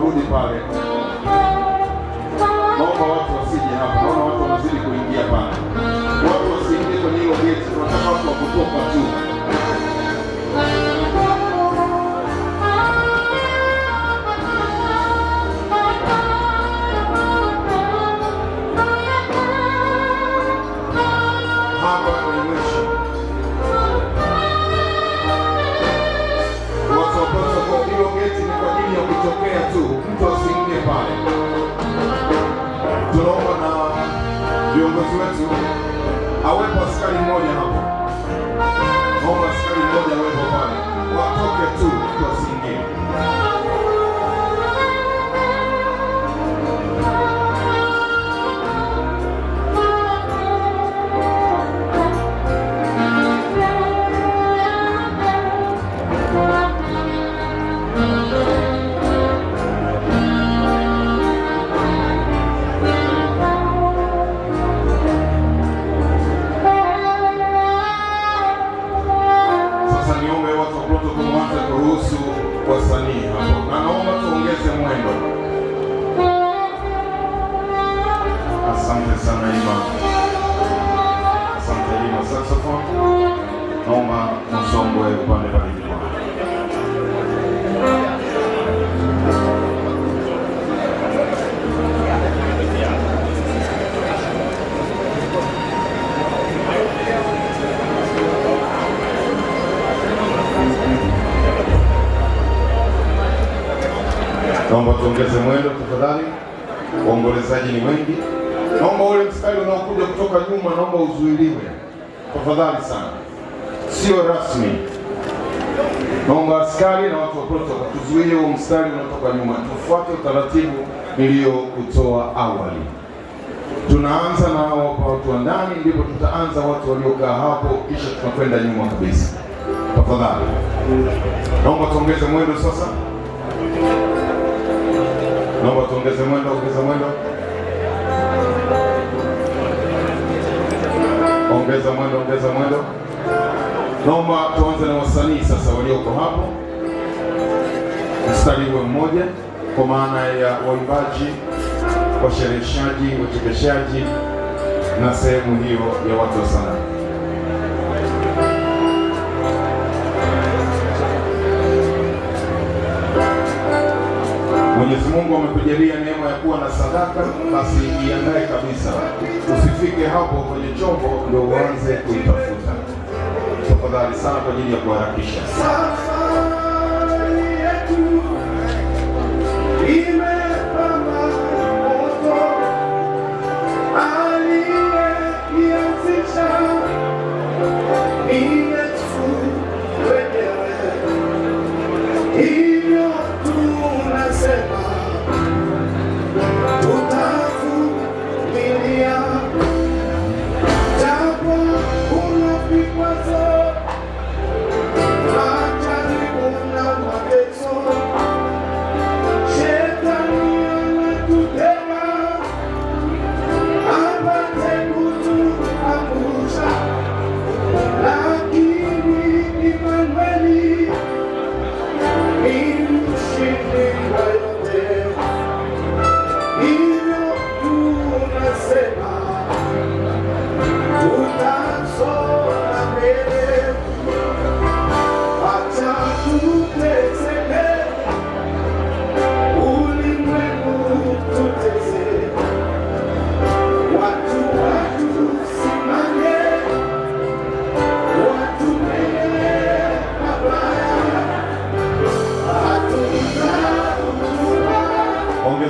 tuabudu pale. ikitokea tu mtu asiingie pale. Tunaomba na viongozi wetu awepo askari mmoja hapo wako, na naomba tuongeze mwendo. Asante sana Ima, asante Ima saxophone, naomba msongwe upande Naomba tuongeze mwendo tafadhali, waombolezaji ni wengi. Naomba ule mstari unaokuja kutoka nyuma, naomba uzuiliwe tafadhali sana, sio rasmi. Naomba askari na watu wa proto watuzuie huo mstari unaotoka nyuma, tufuate utaratibu kutoa awali. Tunaanza na watu wa ndani, ndipo tutaanza watu waliokaa hapo, kisha tunakwenda nyuma kabisa. Tafadhali naomba tuongeze mwendo sasa. Naomba tuongeze mwendo, ongeza mwendo, ongeza mwendo, ongeza mwendo. Naomba tuanze na wasanii sasa walioko hapo, mstari uwe mmoja, kwa maana ya waimbaji, washereheshaji, wachekeshaji na sehemu hiyo ya watu wa sanaa. Mwenyezi Mungu amekujalia neema ya kuwa na sadaka, basi iandae kabisa, usifike hapo kwenye chombo ndio uanze kuitafuta. Tafadhali sana kwa ajili ya kuharakisha.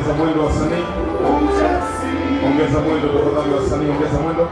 Ongeza mwendo wasanii, ongeza mwendo tafadhali wasanii, ongeza mwendo.